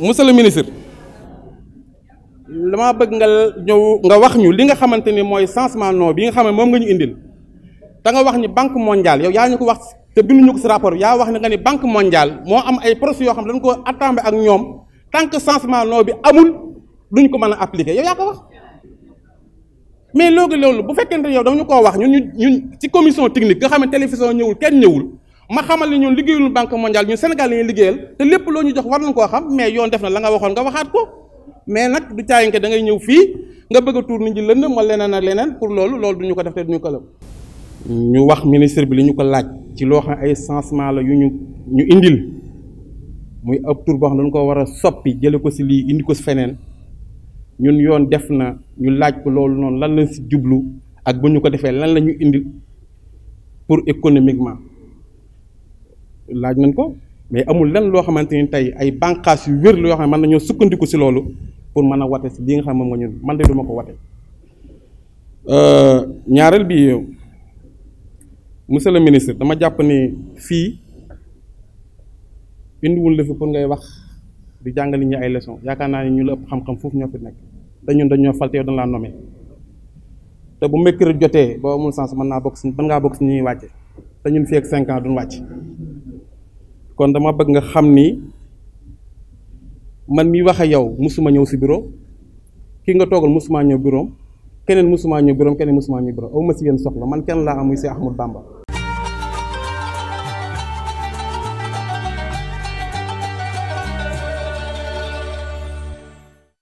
monsieur le la dama bëgg nga ñëw nga wax ñu li nga xamante ni mooy chancement nom bi nga xam ne moom nga ñu indil te nga wax ni banque mondiale yow yaa ñu ko wax te binduñu ko si rapport yaa wax ne nga ni banque mondiale moo am ay yoo xam ne dañ ko attendre ak ñoom tant que changement nom bi amul duñ ko mën a appliquer yow yaa ko wax mais loogi loolu bu fekkente yow ñu koo wax ñu ñu ñun ci commission technique nga xam ne télévision ñëwul kenn ñëwul ma xamal ni ñun liggéeyul banque mondiale ñun Sénégal la ñuy liggéeyal te lépp loo ñu jox war nañ koo xam mais yoon def na la nga waxoon nga waxaat ko mais nag du caayinke dangay ñëw fii nga bëgg a tuur nit ñi lënd ma leneen ak leneen pour loolu loolu duñu ko def te duñu ko ñu wax ministre bi li ñu ko laaj ci loo ay changement la yu ñu ñu indil muy ab tur boo xam war a soppi jële ko si lii indi ko si feneen ñun yoon def na ñu laaj ko loolu noonu lan la si jublu ak bu ñu ko defee lan la ñu indil pour économiquement laaj nañ ko mais amul lenn loo xamante ni tey ay bànqaas yu wér loo yoo xam ne mën nañoo sukkandiku si loolu pour mën a wate si li nga xam moom ñun man de duma ko wate euh, bi monsieur le ministre dama jàpp ni fii indiwul la fi pour ngay wax di jàngal nit ay leçon yaakaar naa ni ñu la ëpp xam-xam nekk te dañoo falte yow dañ laa nommé te bu mercredi jotee boo amul sens mën naa bokk si mën bokk si ñuy wàcce dañu ñun cinquant ak cinq kon dama bëgg nga xam ni man mi wax a yow musuma ñëw si bureau ki nga toogal musuma ñëw bureau keneen musuma ñëw bureau keneen musuma ñëw bureau aw ma si soxla man kenn laa amuy see si Ahmadou